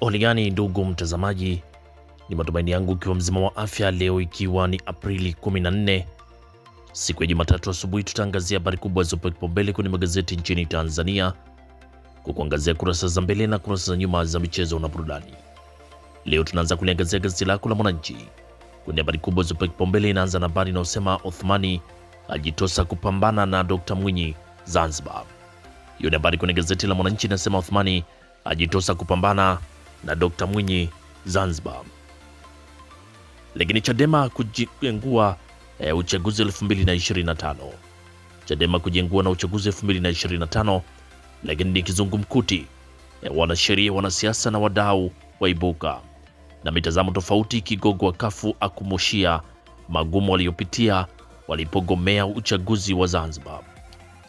oligani ndugu mtazamaji, ni matumaini yangu ukiwa mzima wa afya leo, ikiwa ni Aprili 14 siku ya Jumatatu asubuhi, tutaangazia habari kubwa zilizopewa kipaumbele kwenye magazeti nchini Tanzania kwa kuangazia kurasa za mbele na kurasa za nyuma za michezo na burudani. Leo tunaanza kuliangazia gazeti lako la Mwananchi kwenye habari kubwa zilizopewa kipaumbele. Inaanza na habari inayosema Othmani ajitosa kupambana na Dr. Mwinyi Zanzibar. Hiyo ni habari kwenye gazeti la Mwananchi inasema Othmani ajitosa kupambana na Dr Mwinyi Zanzibar. Lakini Chadema kujengua e, uchaguzi 2025. Chadema kujengua na uchaguzi 2025, lakini ni kizungumkuti e, wanasheria, wanasiasa na wadau waibuka na mitazamo tofauti. Kigogo wa kafu akumushia magumu waliopitia walipogomea uchaguzi wa Zanzibar,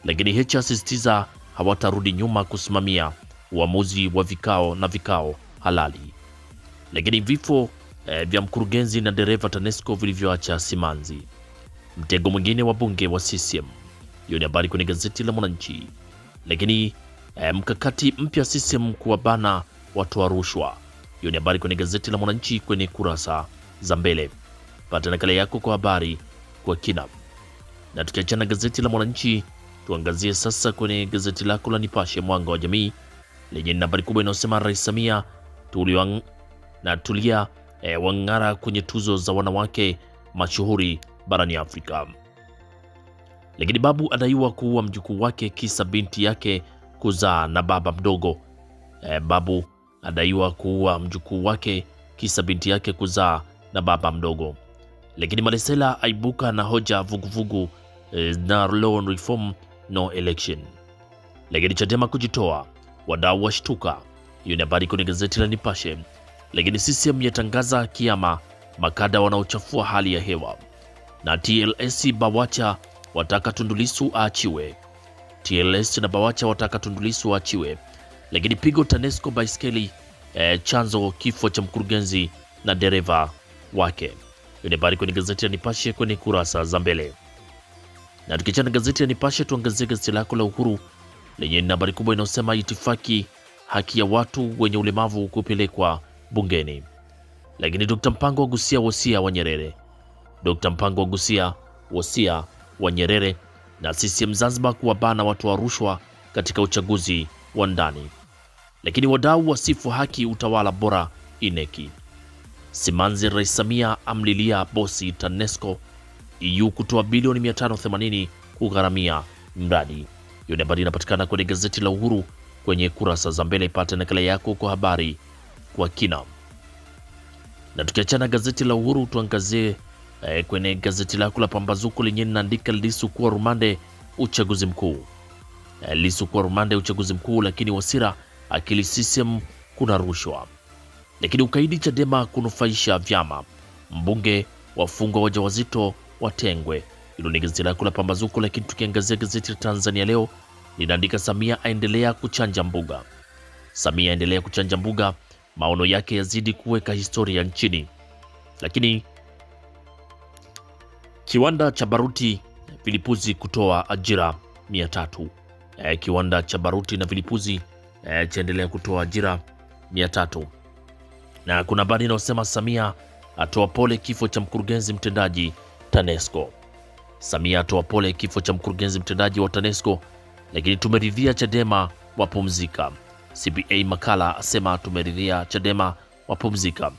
lakini Heche asisitiza hawatarudi nyuma kusimamia uamuzi wa vikao na vikao halali. Lakini vifo eh, vya mkurugenzi na dereva TANESCO vilivyoacha simanzi. Mtego mwingine wa bunge wa CCM. Hiyo ni habari kwenye gazeti la Mwananchi. Lakini eh, mkakati mpya CCM kuwabana watoa rushwa. Hiyo ni habari kwenye gazeti la Mwananchi kwenye kurasa za mbele. Pata nakala yako kwa habari kwa kina. Na tukiachana gazeti la Mwananchi, tuangazie sasa kwenye gazeti lako la Nipashe Mwanga wa Jamii lenye habari kubwa inayosema Rais Samia Tuliwang, na Tulia e, wang'ara kwenye tuzo za wanawake mashuhuri barani Afrika. Lakini babu adaiwa kuua mjukuu wake kisa binti yake kuzaa na baba mdogo. E, babu adaiwa kuua mjukuu wake kisa binti yake kuzaa na baba mdogo. Lakini Malesela aibuka na hoja vuguvugu e, na law reform no election. Lakini Chadema kujitoa, wadau washtuka. Hiyo ni habari kwenye gazeti la Nipashe. Lakini CCM yatangaza kiama makada wanaochafua hali ya hewa, na TLS Bawacha wataka Tundulisu aachiwe. TLS na Bawacha wataka Tundulisu aachiwe. Lakini pigo TANESCO baiskeli eh, chanzo kifo cha mkurugenzi na dereva wake. Hiyo ni habari kwenye gazeti la Nipashe kwenye kurasa za mbele. Na tukichana gazeti la Nipashe, tuangazie gazeti lako la Uhuru lenye habari kubwa inayosema itifaki haki ya watu wenye ulemavu kupelekwa bungeni. Lakini Dr. Mpango agusia wosia wa Nyerere. Dr. Mpango agusia wosia wa Nyerere na CCM Zanzibar kuwabana watu wa rushwa katika uchaguzi wa ndani. Lakini wadau wasifu haki utawala bora ineki. Simanzi, Rais Samia amlilia bosi TANESCO, EU kutoa bilioni 580 kugharamia mradi. Hiyo ni habari inapatikana kwenye gazeti la Uhuru kwenye kurasa za mbele, ipate nakala yako kwa habari kwa kina. Na tukiachana gazeti la Uhuru tuangazie eh, kwenye gazeti lako la Pambazuko lenye linaandika Lisu kuwa rumande uchaguzi mkuu. Eh, Lisu kuwa rumande uchaguzi mkuu, lakini Wasira akili CCM kuna rushwa, lakini ukaidi Chadema kunufaisha vyama, mbunge wafungwa wajawazito watengwe. Hilo ni gazeti lako la Pambazuko, lakini tukiangazia gazeti la Tanzania Leo linaandika Samia aendelea kuchanja mbuga. Samia aendelea kuchanja mbuga, maono yake yazidi kuweka historia nchini. Lakini kiwanda cha baruti vilipuzi kutoa ajira mia tatu. E, kiwanda cha baruti na vilipuzi e, chaendelea kutoa ajira mia tatu. Na kuna habari inayosema Samia atoa pole kifo cha mkurugenzi mtendaji TANESCO. Samia atoa pole kifo cha mkurugenzi mtendaji wa TANESCO lakini tumeridhia Chadema wapumzika. CBA Makala asema tumeridhia Chadema wapumzika,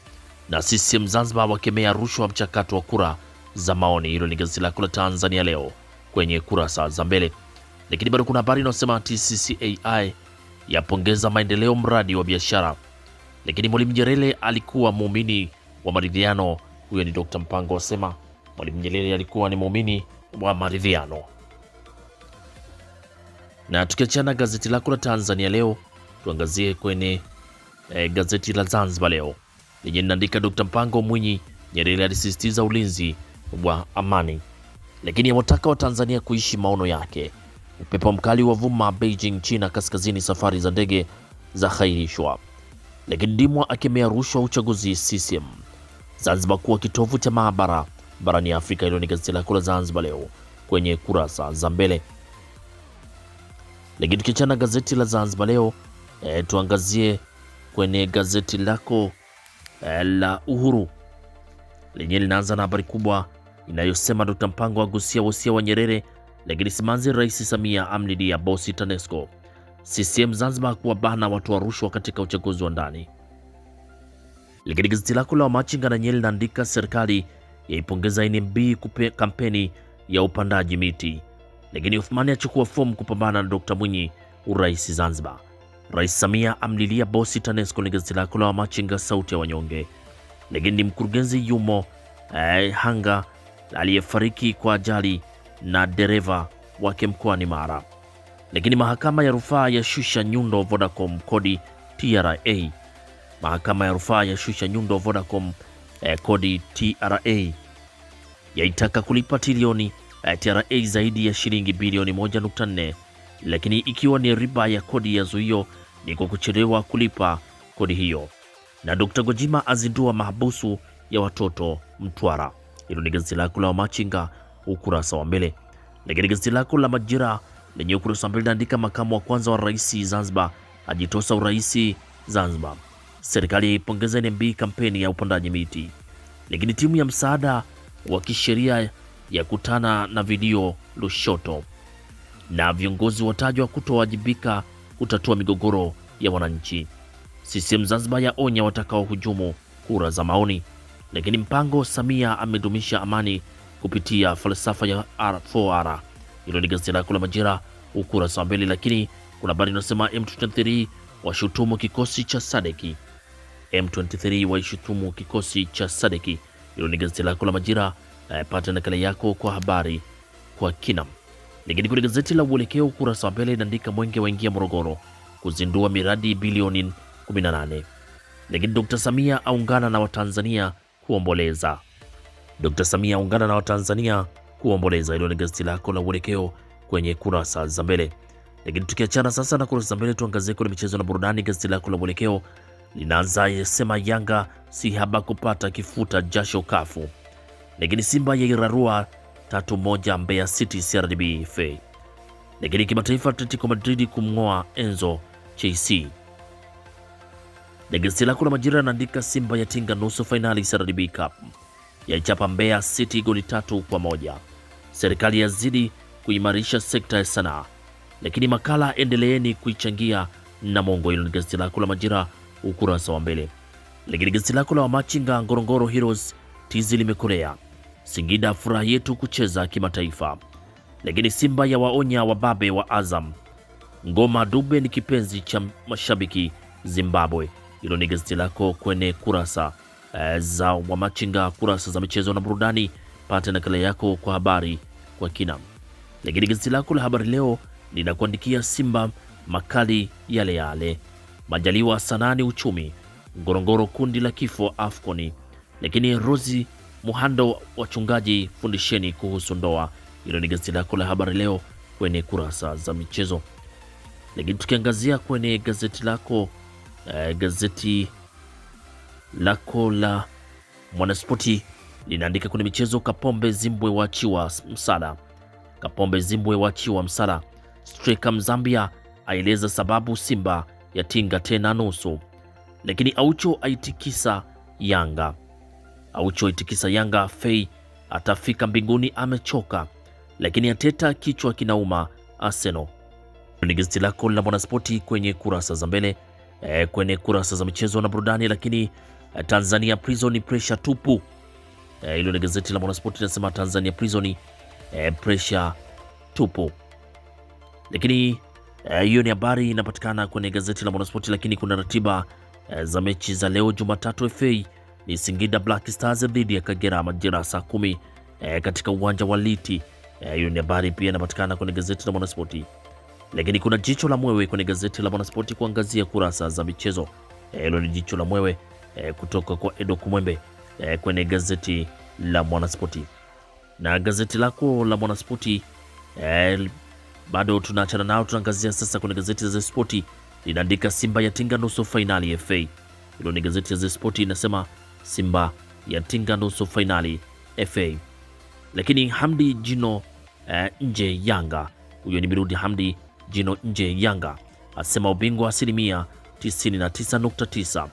na CCM Zanzibar wakemea rushwa mchakato wa kura za maoni. Hilo ni gazeti lako la Tanzania Leo kwenye kurasa za mbele, lakini bado kuna habari inayosema TCCAI yapongeza maendeleo mradi wa biashara, lakini Mwalimu Nyerere alikuwa muumini wa maridhiano. Huyo ni Dr. Mpango asema Mwalimu Nyerere alikuwa ni muumini wa maridhiano. Na tukiachana gazeti lako la Tanzania leo, tuangazie kwenye eh, gazeti la Zanzibar leo lenye linaandika Dr. Mpango Mwinyi, Nyerere alisisitiza ulinzi wa amani, lakini awataka Watanzania kuishi maono yake. Upepo mkali wa vuma Beijing, China kaskazini, safari za ndege za khairishwa. Lakini Dimwa akemea rushwa uchaguzi CCM. Zanzibar kuwa kitovu cha maabara barani Afrika. Hilo ni gazeti lako la Zanzibar leo kwenye kurasa za mbele. Lakini tukiachana gazeti la Zanzibar leo e, tuangazie kwenye gazeti lako e, la Uhuru lenyewe linaanza na habari kubwa inayosema Dr. Mpango agusia wasia wa Nyerere, lakini simanzi Rais Samia ya bosi TANESCO. CCM Zanzibar bana watu wa rushwa katika uchaguzi wa ndani. Lakini gazeti lako la Wamachinga lenyewe linaandika serikali yaipongeza NMB kupe kampeni ya upandaji miti lakini Uthmani achukua fomu kupambana na Dr Mwinyi urais Zanzibar. Rais Samia amlilia bosi TANESCO ni gazeti lako la Wamachinga sauti ya wanyonge. Lakini ni mkurugenzi yumo eh, hanga aliyefariki kwa ajali na dereva wake mkoani Mara. Lakini mahakama ya rufaa ya shusha nyundo Vodacom kodi TRA. Mahakama ya rufaa ya shusha nyundo Vodacom eh, kodi TRA yaitaka kulipa trilioni Eh, TRA zaidi ya shilingi bilioni 1.4, lakini ikiwa ni riba ya kodi ya zuio ni kwa kuchelewa kulipa kodi hiyo. Na Dr. Gojima azindua mahabusu ya watoto Mtwara. Hilo ni gazeti lako la Machinga ukurasa wa mbele, lakini gazeti lako la Majira lenye ukurasa wa mbele naandika makamu wa kwanza wa rais Zanzibar ajitosa urais Zanzibar, serikali yaipongeza NMB kampeni ya upandaji miti, lakini timu ya msaada wa kisheria yakutana na video Lushoto, na viongozi watajwa kutowajibika kutatua migogoro ya wananchi. CCM Zanzibar yaonya watakaohujumu kura za maoni. Lakini mpango Samia amedumisha amani kupitia falsafa ya 4R. Hilo ni gazeti lako la Majira ukurasa wa mbili. Lakini kuna habari inasema M23 washutumu kikosi cha Sadeki. M23 waishutumu kikosi cha Sadeki. Hilo ni gazeti lako la Majira eh, pata nakala yako kwa habari kwa kina. Lakini kwenye gazeti la Uelekeo ukurasa wa mbele inaandika mwenge waingia Morogoro kuzindua miradi bilioni 18. Lakini Dr. Samia aungana na Watanzania kuomboleza. Dr. Samia aungana na Watanzania kuomboleza. Hilo ni gazeti lako la Uelekeo kwenye kurasa za mbele. Lakini tukiachana sasa na kurasa za mbele, tuangazie kwenye michezo na burudani. Gazeti lako la uelekeo linaanza sema Yanga si haba kupata kifuta jasho kafu lakini Simba yairarua tatu moja Mbeya City CRDB FA. Lakini kimataifa, Atletico Madrid kumng'oa Enzo JC. Lakini lako la Majira anaandika Simba yatinga nusu fainali CRDB Cup, yaichapa Mbeya City goli tatu kwa moja. Serikali yazidi kuimarisha sekta ya sanaa, lakini makala endeleeni kuichangia na mongo. Hilo ni gazeti lako la Majira ukurasa wa mbele. Lakini gazeti lako la Wamachinga Ngorongoro Heroes tizi limekolea Singida furaha yetu kucheza kimataifa, lakini Simba ya waonya wababe wa Azam. Ngoma Dube ni kipenzi cha mashabiki Zimbabwe. Hilo ni gazeti lako kwenye kurasa eh, za Wamachinga, kurasa za michezo na burudani. pate nakala yako kwa habari kwa kina. Lakini gazeti lako la Habari Leo linakuandikia Simba makali yale yale, Majaliwa sanani uchumi, Ngorongoro kundi la kifo afkoni lakini Rozi Muhando, wachungaji fundisheni kuhusu ndoa. Hilo ni gazeti lako la habari leo kwenye kurasa za michezo. Lakini tukiangazia kwenye gazeti lako eh, gazeti lako la Mwanaspoti linaandika kwenye michezo, Kapombe Zimbwe waachiwa msala. Kapombe Zimbwe waachiwa msala. Striker Mzambia aeleza sababu Simba yatinga tena nusu, lakini Aucho aitikisa Yanga. Auchoitikisa Yanga fei atafika mbinguni amechoka, lakini Ateta kichwa kinauma Arsenal. Ni gazeti lako la Mwanaspoti kwenye kurasa za mbele e, kwenye kurasa za michezo na burudani, lakini eh, Tanzania Prison pressure tupu. Eh, hilo e, ni gazeti la Mwanaspoti linasema Tanzania Prison e, pressure tupu, lakini hiyo e, ni habari inapatikana kwenye gazeti la Mwanaspoti, lakini kuna ratiba e, za mechi za leo Jumatatu FA ni Singida Black Stars dhidi ya Kagera majira saa kumi e, katika uwanja wa Liti. Eh, hiyo e, ni habari pia inapatikana kwenye gazeti la Mwanaspoti, lakini kuna jicho la mwewe kwenye gazeti la Mwanaspoti kuangazia kurasa za michezo. Eh, hilo e, ni jicho la mwewe e, kutoka kwa Edo Kumwembe e, kwenye gazeti la Mwanaspoti na gazeti lako la Mwanaspoti e, bado tunaachana nao, tunaangazia sasa kwenye gazeti za Spoti linaandika Simba yatinga nusu fainali FA. Hilo ni gazeti ya Spoti inasema Simba yatinga nusu fainali FA. Lakini Hamdi Jino eh, nje Yanga, huyo ni Mirudi Hamdi Jino nje Yanga asema ubingwa asilimia 99.9.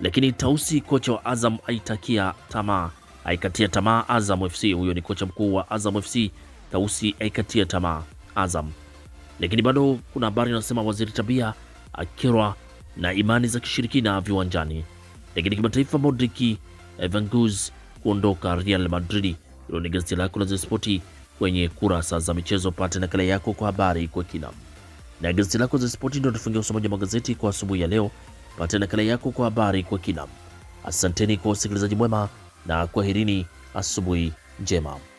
Lakini Tausi kocha wa Azam aitakia tamaa aikatia tamaa Azam FC. Huyo ni kocha mkuu wa Azam FC Tausi aikatia tamaa Azam. Lakini bado kuna habari inasema waziri Tabia akerwa na imani za kishirikina viwanjani. Lakini kimataifa, Modric Van kuondoka Real Madrid. Hilo ni gazeti lako la Zespoti kwenye kurasa za michezo, pate nakala yako kwa habari kwa kina. Na gazeti lako Zespoti ndio tufungia usomaji wa magazeti kwa asubuhi ya leo, pate nakala yako kwa habari kwa kina. Asanteni kwa usikilizaji mwema na kwaherini, asubuhi njema.